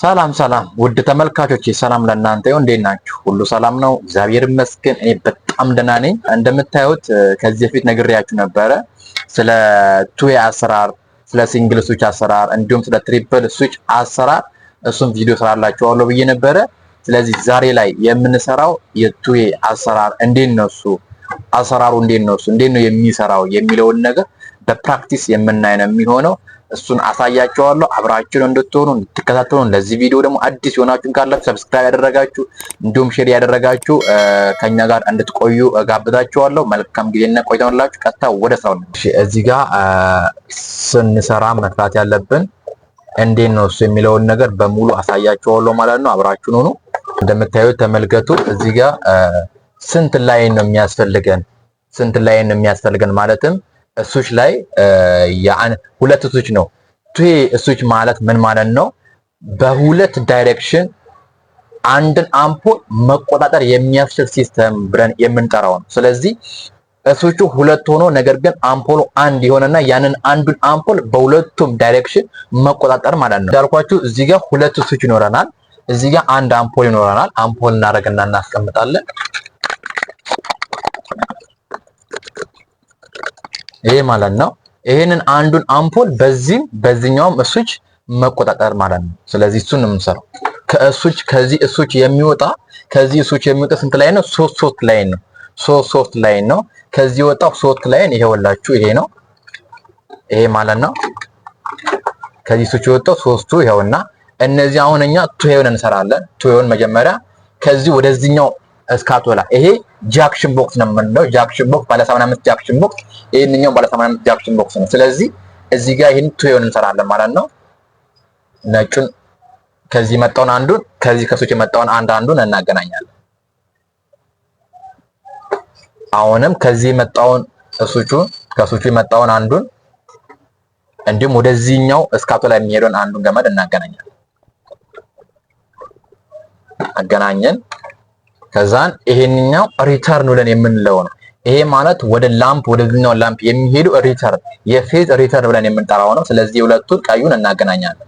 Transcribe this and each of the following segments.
ሰላም ሰላም ውድ ተመልካቾች ሰላም ለእናንተ ይሁን። እንዴት ናችሁ? ሁሉ ሰላም ነው? እግዚአብሔር ይመስገን። እኔ በጣም ደህና ነኝ። እንደምታዩት ከዚህ በፊት ነግሬያችሁ ነበረ ስለ ቱዌ አሰራር፣ ስለ ሲንግል ስዊች አሰራር እንዲሁም ስለ ትሪፕል ስዊች አሰራር እሱም ቪዲዮ ስላላችኋለሁ ብዬ ነበረ። ስለዚህ ዛሬ ላይ የምንሰራው የቱዌ አሰራር እንዴት ነው እሱ አሰራሩ እንዴት ነው እሱ እንዴት ነው የሚሰራው የሚለውን ነገር በፕራክቲስ የምናይ ነው የሚሆነው እሱን አሳያቸዋለሁ። አብራችሁን እንድትሆኑ እንድትከታተሉ፣ ለዚህ ቪዲዮ ደግሞ አዲስ የሆናችሁን ካላችሁ ሰብስክራይብ ያደረጋችሁ እንዲሁም ሼር ያደረጋችሁ ከኛ ጋር እንድትቆዩ ጋብዛችኋለሁ። መልካም ጊዜና ቆይተንላችሁ ቀጥታ ወደ ስራው ነው። እዚህ ጋር ስንሰራ መስራት ያለብን እንዴት ነው እሱ የሚለውን ነገር በሙሉ አሳያችኋለሁ ማለት ነው። አብራችሁን ሆኑ። እንደምታዩት ተመልከቱ። እዚህ ጋር ስንት ላይን ነው የሚያስፈልገን? ስንት ላይን ነው የሚያስፈልገን ማለትም እሱች ላይ ሁለት እሱች ነው። ቱሄ እሱች ማለት ምን ማለት ነው? በሁለት ዳይሬክሽን አንድን አምፖል መቆጣጠር የሚያስችል ሲስተም ብለን የምንጠራው ነው። ስለዚህ እሱቹ ሁለት ሆኖ ነገር ግን አምፖሉ አንድ የሆነና ያንን አንዱን አምፖል በሁለቱም ዳይሬክሽን መቆጣጠር ማለት ነው። እንዳልኳችሁ እዚህ ጋር ሁለት እሱች ይኖረናል። እዚህ ጋር አንድ አምፖል ይኖረናል። አምፖል እናደርግና እናስቀምጣለን። ይሄ ማለት ነው። ይሄንን አንዱን አምፖል በዚህም በዚህኛውም እሱች መቆጣጠር ማለት ነው። ስለዚህ እሱን ነው የምንሰራው። ከእሱች ከዚህ እሱች የሚወጣ ከዚህ እሱች የሚወጣ ስንት ላይ ነው? ሶስት ሶስት ላይ ነው። ሶስት ሶስት ላይ ነው። ከዚህ ወጣው ሶስት ላይ ይሄ ይሄ ነው። ይሄ ማለት ነው። ከዚህ እሱች የወጣው ሶስቱ ይሄውና። እነዚህ አሁን እኛ ቱሄውን እንሰራለን። ቱሄውን መጀመሪያ ከዚህ ወደዚህኛው ስካቶላ ይሄ ጃክሽን ቦክስ ነው የምንለው። ጃክሽን ቦክስ ባለ 85 ጃክሽን ቦክስ፣ ይህንኛው ባለ 85 ጃክሽን ቦክስ ነው። ስለዚህ እዚህ ጋር ይህን ቱዮን እንሰራለን ማለት ነው። ነጩን ከዚህ መጣውን አንዱን ከዚህ ከሱች የመጣውን አንድ አንዱን እናገናኛለን። አሁንም ከዚህ መጣውን እሱቹን ከሱቹ የመጣውን አንዱን እንዲሁም ወደዚህኛው እስካቶ ላይ የሚሄደውን አንዱን ገመድ እናገናኛለን። አገናኘን። ከዛን ይሄንኛው ሪተርን ብለን የምንለው ነው። ይሄ ማለት ወደ ላምፕ ወደዚህኛው ላምፕ የሚሄዱ ሪተርን የፌዝ ሪተርን ብለን የምንጠራው ነው። ስለዚህ ሁለቱን ቀዩን እናገናኛለን።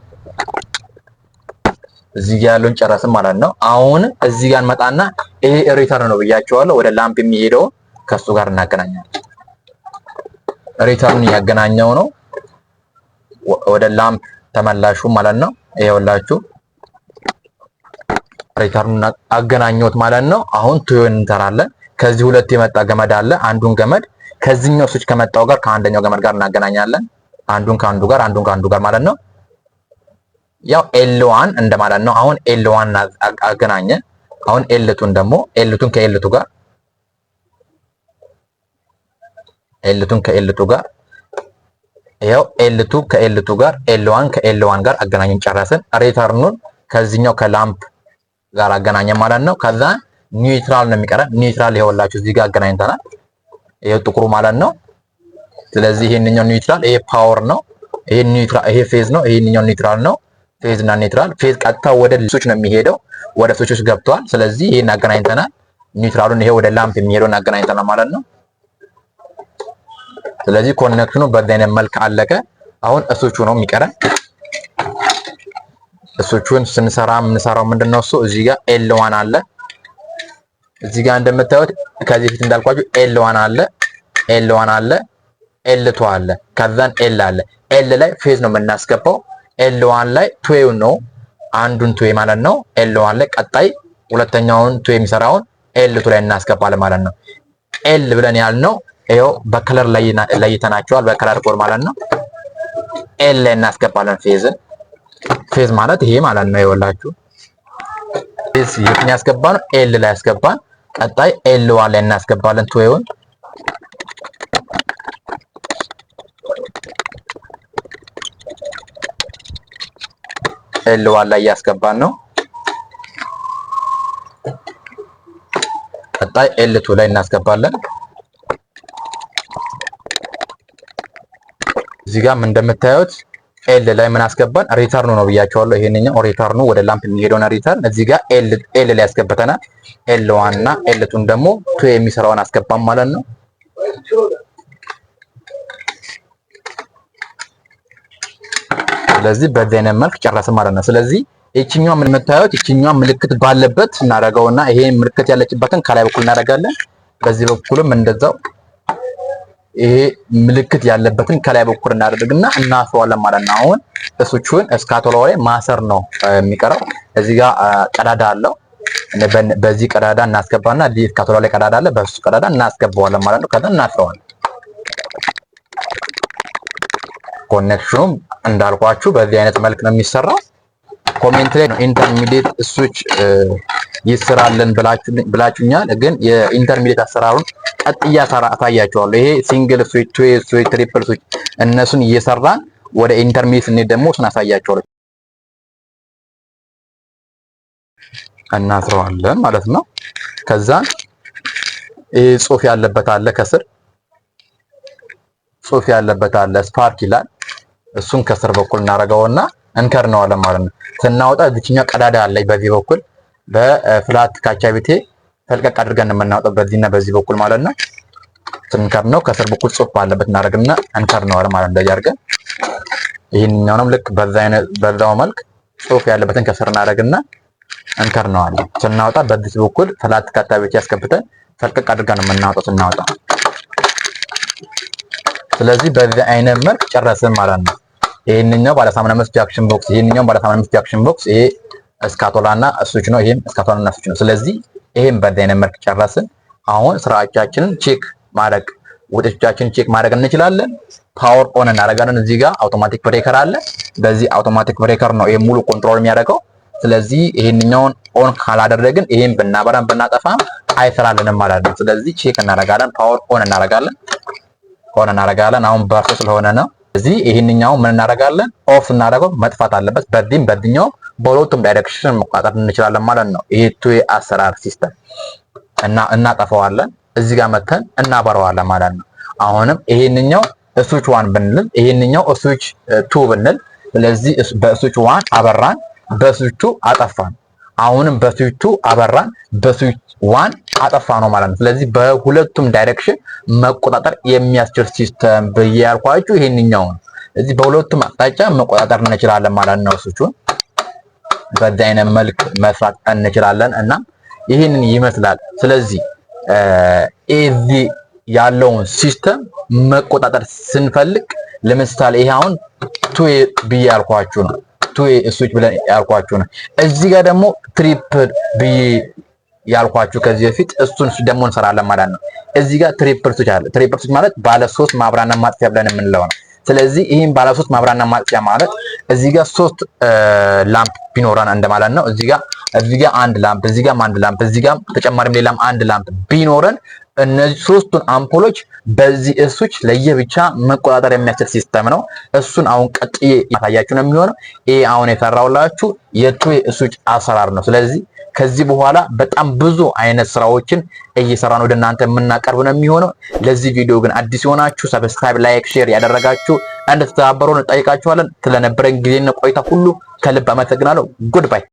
እዚህ ያለውን ጨረስን ማለት ነው። አሁን እዚህ ጋር መጣና ይሄ ሪተርን ነው ብያቸዋለሁ። ወደ ላምፕ የሚሄደውን ከሱ ጋር እናገናኛለን። ሪተርን ያገናኘው ነው ወደ ላምፕ ተመላሹ ማለት ነው። ይሄውላችሁ ሪተርኑን አገናኘሁት ማለት ነው። አሁን ቱዮን እንሰራለን። ከዚህ ሁለት የመጣ ገመድ አለ። አንዱን ገመድ ከዚህኛው ስዊች ከመጣው ጋር ከአንደኛው ገመድ ጋር እናገናኛለን። አንዱን ከአንዱ ጋር፣ አንዱን ከአንዱ ጋር ማለት ነው። ያው ኤልዋን እንደማለት ነው። አሁን ኤልዋን አገናኘ። አሁን ኤልቱን ደግሞ ኤልቱን ከኤልቱ ጋር ኤልቱን ከኤልቱ ጋር ይኸው ኤልቱ ከኤልቱ ጋር ኤልዋን ከኤልዋን ጋር አገናኘን፣ ጨረስን። ሪተርኑን ከዚህኛው ከላምፕ ጋር አገናኘ ማለት ነው። ከዛ ኒውትራል ነው የሚቀረን። ኒውትራል ይኸውላችሁ እዚህ ጋር አገናኝተናል። ይሄ ጥቁሩ ማለት ነው። ስለዚህ ይሄንኛው ኒውትራል ይሄ ፓወር ነው። ይሄ ኒውትራል ይሄ ፌዝ ነው። ይሄንኛው ኒውትራል ነው። ፌዝ እና ኒውትራል ፌዝ ቀጥታ ወደ ሱች ነው የሚሄደው፣ ወደ ሱች ገብቷል። ስለዚህ ይሄን አገናኝተናል። ኒውትራሉን ይሄ ወደ ላምፕ የሚሄደውን አገናኝተናል ማለት ነው። ስለዚህ ኮኔክሽኑ በዚህ አይነት መልክ አለቀ። አሁን እሱቹ ነው የሚቀረን። እሶቹን ስንሰራ የምንሰራው ምንድን ነው እሱ እዚህ ጋር ኤል ዋን አለ እዚህ ጋር እንደምታዩት ከዚህ ፊት እንዳልኳችሁ ኤል ዋን አለ ኤል ዋን አለ ኤል ቱ አለ ከዛን ኤል አለ ኤል ላይ ፌዝ ነው የምናስገባው ኤል ዋን ላይ ቱዌው ነው አንዱን ቱዌ ማለት ነው ኤል ዋን ላይ ቀጣይ ሁለተኛውን ቱዌ የሚሰራውን ኤል ቱ ላይ እናስገባለን ማለት ነው ኤል ብለን ያልነው ይኸው በከለር ለይተናቸዋል በከለር ኮድ ማለት ነው ኤል ላይ እናስገባለን ፌዝን ፌዝ ማለት ይሄ ማለት ነው። ይወላችሁ ፌዝ የትን ያስገባ ነው ኤል ላይ ያስገባን። ቀጣይ ኤል ዋን ላይ እናስገባለን ቱዌውን ኤል ዋን ላይ እያስገባን ነው። ቀጣይ ኤል ቱ ላይ እናስገባለን። እዚህ ጋር እንደምታዩት ኤል ላይ ምን አስገባን? ሪተርኑ ነው ብያቸዋለሁ። ይሄንኛው ሪተርኑ ወደ ላምፕ የሚሄደውን ሪተርን እዚህ ጋር ኤል ላይ ያስገብተናል። ኤል ዋን እና ኤል ቱን ደግሞ ቱ የሚሰራውን አስገባን ማለት ነው። ስለዚህ በዚህ አይነት መልክ ጨረስን ማለት ነው። ስለዚህ ይችኛዋ ምን የምታዩት ይችኛዋ ምልክት ባለበት እናደርገውና ይሄ ምልክት ያለችበትን ከላይ በኩል እናደርጋለን። በዚህ በኩልም እንደዛው ይሄ ምልክት ያለበትን ከላይ በኩል እናደርግና እናስዋለን ማለት ነው። አሁን እሱቹን እስካቶላው ላይ ማሰር ነው የሚቀረው። እዚህ ጋር ቀዳዳ አለው። በዚህ ቀዳዳ እናስገባና ዲ እስካቶላው ላይ ቀዳዳ አለ። በሱ ቀዳዳ እናስገባዋለን ማለት ነው። ከዛ እናስረዋለን። ኮኔክሽኑም እንዳልኳችሁ በዚህ አይነት መልክ ነው የሚሰራው። ኮሜንት ላይ ነው ኢንተርሚዲየት እሱች ይስራለን ብላችሁኛል። ግን የኢንተርሚዲየት አሰራሩን ቀጥያ ሰራ አሳያችኋለሁ። ይሄ ሲንግል ስዊች፣ ቱ ስዊች፣ ትሪፕል ስዊች እነሱን እየሰራን ወደ ኢንተርሚዲየት እኔ ደግሞ እሱን አሳያችኋለሁ። እናስረዋለን ማለት ነው። ከዛ ይህ ጽሁፍ ያለበት አለ፣ ከስር ጽሁፍ ያለበት አለ፣ ስፓርክ ይላል። እሱን ከስር በኩል እናደርገውና እንከርነዋለን ማለት ነው። ስናወጣ እዚችኛ ቀዳዳ አለች። በዚህ በኩል በፍላት ካቻ ቤቴ ፈልቀቅ አድርገን የምናወጣው በዚህና በዚህ በኩል ማለት ነው። ስንከርነው ከስር በኩል ጽሑፍ አለበት እናደርግና እንከርነዋለን ማለት ነው። እንደዚህ አድርገን ይህንኛውንም ልክ በዛው መልክ ጽሑፍ ያለበትን ከስር እናደርግና እንከርነዋለን። ስናወጣ በዚህ በኩል ፍላት ካቻ ቤቴ ያስገብተን ፈልቀቅ አድርገን የምናወጣው ስናወጣ። ስለዚህ በዚህ አይነት መልክ ጨረስን ማለት ነው። ይሄንኛው ባለ 85 ጃክሽን ቦክስ ይሄንኛው ባለ 85 ጃክሽን ቦክስ ይሄ እስካቶላና ስዊች ነው። ይሄም እስካቶላና ስዊች ነው። ስለዚህ ይሄም በዳይነ መልክ ጨረስን። አሁን ስራዎቻችንን ቼክ ማድረግ ውጤቶቻችንን ቼክ ማድረግ እንችላለን። ፓወር ኦን እናደርጋለን። እዚህ ጋር አውቶማቲክ ብሬከር አለ። በዚህ አውቶማቲክ ብሬከር ነው ይሄ ሙሉ ኮንትሮል የሚያደርገው። ስለዚህ ይሄንኛውን ኦን ካላደረግን ይሄን ብናበራን ብናጠፋም አይሰራልንም ማለት ነው። ስለዚህ ቼክ እናደርጋለን። ፓወር ኦን እናደርጋለን። ኦን እናደርጋለን። አሁን በርሶ ስለሆነ ነው እዚህ ይህንኛው ምን እናደርጋለን? ኦፍ እናደርገው መጥፋት አለበት። በዚህም በዚህኛውም በሁለቱም ዳይሬክሽን መቆጣጠር እንችላለን ማለት ነው። ይሄ ቱ አሰራር ሲስተም እና እናጠፋዋለን። እዚህ ጋር መተን እናበረዋለን ማለት ነው። አሁንም ይሄንኛው ስዊች ዋን ብንል ይሄንኛው ስዊች ቱ ብንል፣ ስለዚህ በስዊች ዋን አበራን፣ በስዊች ቱ አጠፋን። አሁንም በስዊች ቱ አበራን፣ በስዊች ዋን አጠፋ ነው ማለት ነው። ስለዚህ በሁለቱም ዳይሬክሽን መቆጣጠር የሚያስችል ሲስተም ብዬ ያልኳችሁ ይሄንኛው ነው። እዚህ በሁለቱም አቅጣጫ መቆጣጠር እንችላለን ማለት ነው። እሱን በዚህ አይነት መልክ መስራት እንችላለን እና ይህንን ይመስላል። ስለዚህ እዚህ ያለውን ሲስተም መቆጣጠር ስንፈልግ ለምሳሌ ይሄ አሁን ቱዌ ብዬ ያልኳችሁ ነው። ቱዌ ስዊች ብለን ያልኳችሁ ነው። እዚህ ጋር ደግሞ ትሪፕል ብዬ ያልኳችሁ ከዚህ በፊት እሱን ደግሞ እንሰራለን ማለት ነው። እዚህ ጋር ትሪፕርሶች አለ። ትሪፕርሶች ማለት ባለ ሶስት ማብራና ማጥፊያ ብለን የምንለው ነው። ስለዚህ ይህም ባለ ሶስት ማብራና ማጥፊያ ማለት እዚህ ጋር ሶስት ላምፕ ቢኖረን እንደማለት ነው። እዚህ ጋር እዚህ ጋር አንድ ላምፕ፣ እዚህ ጋር አንድ ላምፕ፣ እዚህ ጋር ተጨማሪም ሌላም አንድ ላምፕ ቢኖረን እነዚህ ሶስቱን አምፖሎች በዚህ እሱች ለየብቻ መቆጣጠር የሚያስችል ሲስተም ነው። እሱን አሁን ቀጥዬ ያሳያችሁ ነው የሚሆነው። ይሄ አሁን የሰራውላችሁ የቱ እሱች አሰራር ነው። ስለዚህ ከዚህ በኋላ በጣም ብዙ አይነት ስራዎችን እየሰራን ወደ እናንተ የምናቀርብ ነው የሚሆነው። ለዚህ ቪዲዮ ግን አዲስ የሆናችሁ ሰብስክራይብ፣ ላይክ፣ ሼር ያደረጋችሁ እንድትተባበሩን እንጠይቃችኋለን። ስለነበረን ጊዜና ቆይታ ሁሉ ከልብ አመሰግናለሁ። ጉድ ባይ